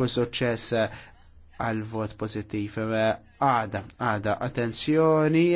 kun suċċess eh, għal vot pozittiv. Eh, għada, għada, attenzjoni.